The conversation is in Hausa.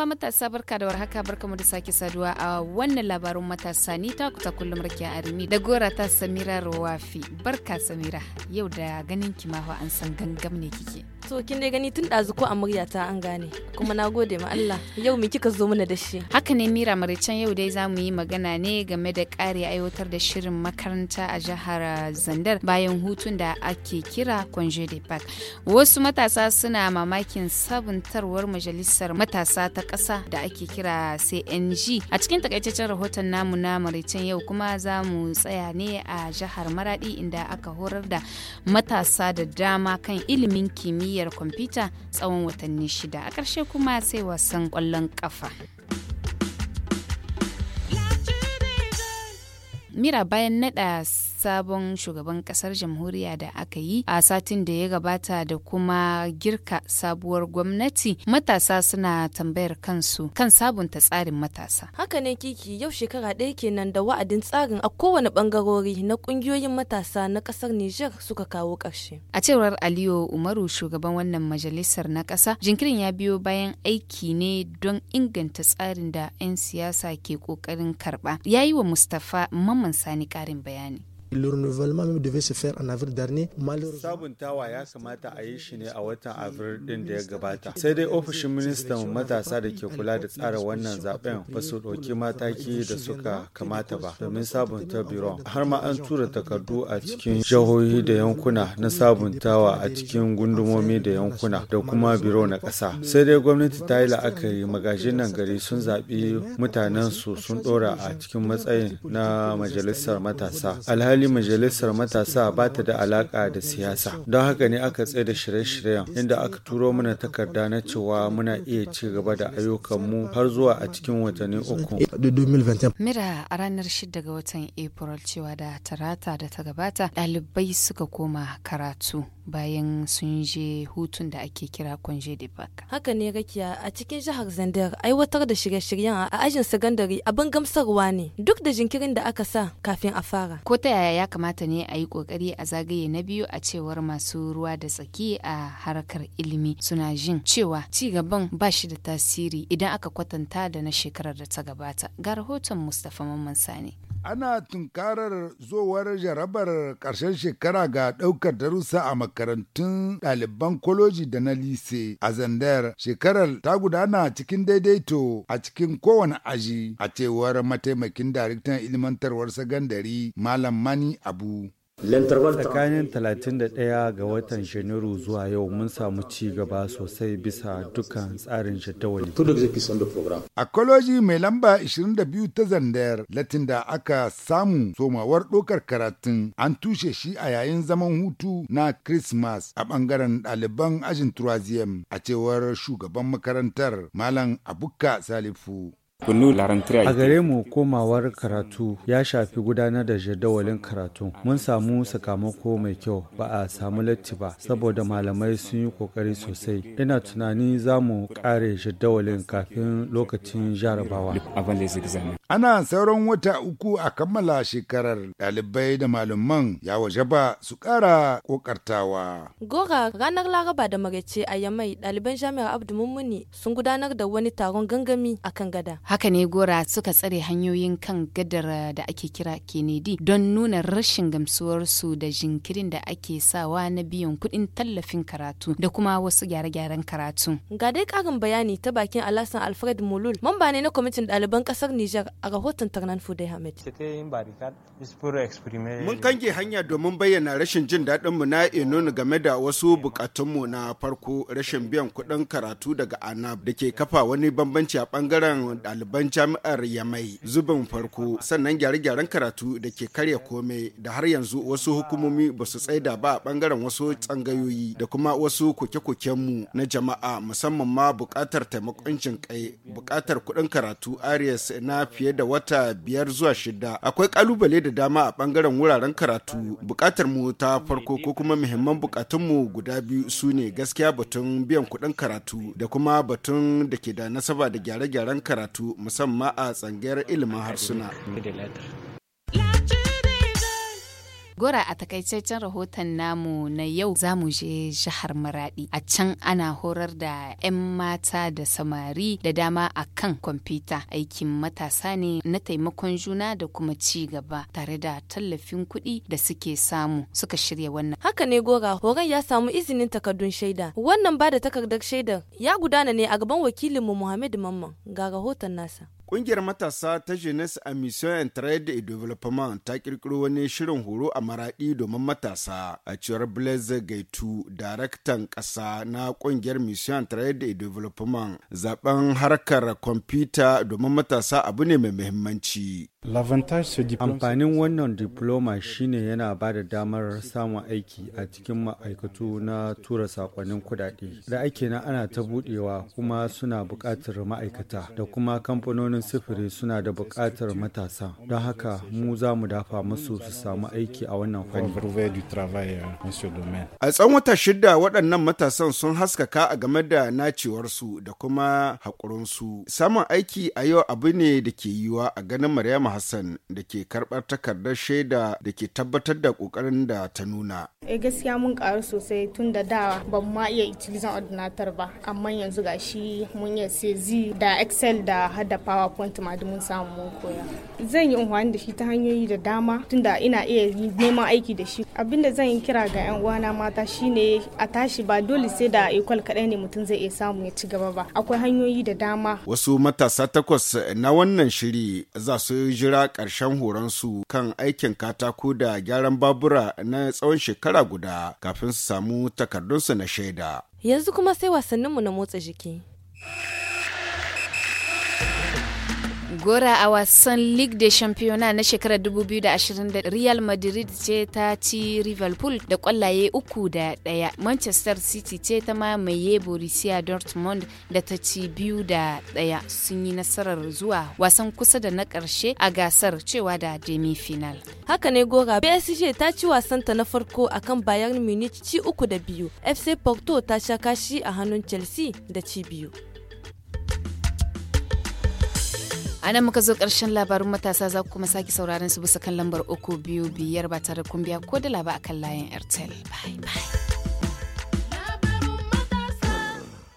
uwa matasa barka da warhaka barkamu da sake saduwa a wannan labarin matasa ni ta kuta kullum rakiya arimi da gora ta Samira Rawafi. Barka Samira, yau da ganin ki ma an san gangam ne kike. so kin dai gani tun ɗazu ko a murya an gane kuma na gode ma Allah yau me kika zo mana da shi haka ne mira maricen yau dai za mu yi magana ne game da ƙari aiwatar da shirin makaranta a jihar Zandar bayan hutun da ake kira congé de park wasu matasa suna mamakin sabuntarwar majalisar matasa ta ƙasa da ake kira CNG a cikin takaitaccen rahoton namu na maricen yau kuma za mu tsaya ne a jihar Maradi inda aka horar da matasa da dama kan ilimin kimiyya kimiyyar kwamfuta tsawon watanni shida a ƙarshe kuma sai wasan ƙwallon ƙafa. Mira bayan nada sabon shugaban kasar jamhuriya da aka yi a satin da ya gabata da kuma girka sabuwar gwamnati matasa suna tambayar kansu kan sabunta tsarin matasa. Haka ne kiki yau shekara ɗaya kenan da wa'adin tsarin a kowane bangarori na ƙungiyoyin matasa na ƙasar niger suka kawo ƙarshe. A cewar Aliyu Umaru shugaban wannan majalisar na ƙasa jinkirin ya biyo bayan aiki ne don inganta tsarin da 'yan siyasa ke ƙoƙarin karɓa. Ya yi wa Mustapha Mamman Sani ƙarin bayani. Le renouvellement même devait se faire en avril dernier. Malheureusement. Sabuntawa ya kamata a yi shi ne a watan avril din da ya gabata. Sai dai ofishin ministan matasa da ke kula da tsara wannan zaben ba su ɗauki mataki da suka kamata ba domin sabunta biro. Har ma an tura takardu a cikin jihohi da yankuna na sabuntawa a cikin gundumomi da yankuna da kuma biro na ƙasa. Sai dai gwamnati ta yi la'akari magajin nan gari sun zaɓi mutanen su sun ɗora a cikin matsayin na majalisar matasa. Alhali Alhali majalisar matasa ba ta da alaka da siyasa. Don haka ne aka tsaye da shirye-shiryen inda aka turo mana takarda na cewa muna iya ci gaba da ayyukanmu har zuwa a cikin watanni uku. Mira a ranar 6 ga watan April cewa da tarata da ta gabata ɗalibai suka koma karatu. bayan sun je hutun da ake kira kwanje de baka. Haka ne rakiya a cikin jihar Zandar aiwatar da shirye-shiryen a ajin sakandare abin gamsarwa ne duk da jinkirin da aka sa kafin a fara. Ko ta yaya ya kamata ne a yi kokari a zagaye na biyu a cewar masu ruwa da tsaki a harkar ilimi suna jin cewa ci gaban ba shi da tasiri idan aka kwatanta da na shekarar da ta gabata. Ga rahoton Mustapha Mamman Sani. Ana tunkarar zowar jarabar karshen shekara ga ɗaukar darussa a makarantu. makarantun ɗaliban koloji da na lise a Zandar shekarar ta gudana cikin daidaito a cikin kowane aji a cewar mataimakin daraktan ilmantarwar sagandari Malam Mani Abu. Tsakanin 31 ga watan Janairu zuwa yau mun samu ci gaba sosai bisa dukkan tsarin jadawali. A koloji mai lamba 22 ta zandar latin da aka samu somawar ɗaukar karatun an tushe shi a yayin zaman hutu na Christmas a bangaren ɗaliban ajin Turaziyam a cewar shugaban makarantar Malam Abuka Salifu. A gare mu komawar karatu ya shafi gudanar da jadawalin karatu. Mun samu sakamako mai kyau ba a samu latti ba saboda malamai sun yi kokari sosai. Ina tunani za mu kare jadawalin kafin lokacin jarabawa. Ana sauran wata uku a kammala shekarar ɗalibai da malaman ya waje ba su ƙara ƙoƙartawa. Gora ranar Laraba da Maraice a Yamai ɗaliban Jami'ar Abdu Mummuni sun gudanar da wani taron gangami akan gada. haka ne gora suka tsare hanyoyin kan gadar eh, da ake kira kennedy don nuna rashin gamsuwarsu da jinkirin da ake sawa na biyan kuɗin tallafin karatu da kuma wasu gyare-gyaren karatu ga dai ƙarin bayani ta bakin alasan alfred mulul mamba ne na kwamitin ɗaliban ƙasar nijar a rahoton tarnan fudai hamid mun kange hanya domin bayyana rashin jin daɗinmu na enonu game da wasu buƙatunmu na farko rashin biyan kuɗin karatu daga anab da ke kafa wani bambanci a ɓangaren ɗaliban jami'ar Yamai zubin farko sannan gyare-gyaren karatu da ke karya komai da har yanzu wasu hukumomi ba su tsaida ba a ɓangaren wasu tsangayoyi da kuma wasu koke-kokenmu na jama'a musamman ma buƙatar taimakon jin kai buƙatar kuɗin karatu Aries na fiye da wata biyar zuwa shida. Akwai ƙalubale da dama a ɓangaren wuraren karatu buƙatar mu ta farko ko kuma muhimman buƙatunmu guda biyu su ne gaskiya batun biyan kuɗin karatu da kuma batun da ke da nasaba da gyare-gyaren karatu musamman a tsangayar ilimin harsuna. Gora a takaitaccen rahoton namu na yau za mu je jihar Maradi. A can ana horar da 'yan mata da samari da dama a kan kwamfuta. Aikin matasa ne na taimakon juna da kuma ci gaba tare da tallafin kuɗi da suke samu suka shirya wannan. Haka ne Gora, horon ya samu izinin takardun shaida. Wannan ba da takardar shaidar ya gudana ne a gaban wakilinmu Muhammadu Mamman ga rahoton nasa. Ƙungiyar matasa ta Jeunesse a Mission and Trade et Development ta ƙirƙiro wani shirin horo a maraɗi domin matasa a cewar Blaise Gaitu, daraktan ƙasa na ƙungiyar Mission and Trade et Development. Zaben harkar kwamfuta domin matasa abu ne mai muhimmanci. Amfanin wannan diploma shine yana ba da damar samun aiki a cikin ma'aikatu na tura sakonnin kudade. Da ake na ana ta budewa kuma suna buƙatar ma'aikata da kuma kamfanonin sifiri suna da buƙatar matasa. Don haka mu za mu dafa musu su samu aiki a wannan fanni. A tsawon wata shida waɗannan matasan sun haskaka a game da nacewarsu da kuma haƙurinsu. Samun aiki a yau abu ne da ke yiwuwa a ganin Maryama Hassan da ke karɓar takardar shaida da ke tabbatar da kokarin da ta nuna. Eh gaskiya mun ƙaru sosai tun da da ban ma iya utilizan ordinatar ba amma yanzu ga shi mun yi sezi da Excel da hada PowerPoint ma mun samu mun koya. Zan yi amfani da shi ta hanyoyi da dama tun da ina iya neman aiki da shi. abin da zan yi kira ga 'yan uwana mata shine a tashi ba dole sai da ikwal kaɗai ne mutum zai iya samu ya ci gaba ba. Akwai hanyoyi da dama. Wasu matasa takwas na wannan shiri za su yi jira ƙarshen horonsu kan aikin katako da gyaran babura na tsawon shekara guda kafin su samu takardunsu na shaida. Yanzu kuma sai wasanninmu na motsa jiki. Gora a wasan League de Championnat na shekarar 2020 Real Madrid ce ta ci Liverpool da kwallaye uku da ɗaya. Manchester City ce ta mamaye Borussia Dortmund da ta ci biyu da ɗaya sun yi nasarar zuwa wasan kusa da na karshe a gasar cewa da demi final. Haka ne Gora, PSG ta ci wasan ta na farko akan Bayern Munich ci uku da biyu. FC Porto ta sha kashi a hannun Chelsea da ci biyu. a muka zo karshen labarin matasa za ku kuma sake sauraron su bisa kan lambar uku biyu biyar ba tare kun biya ko da laba akan layin airtel bye bye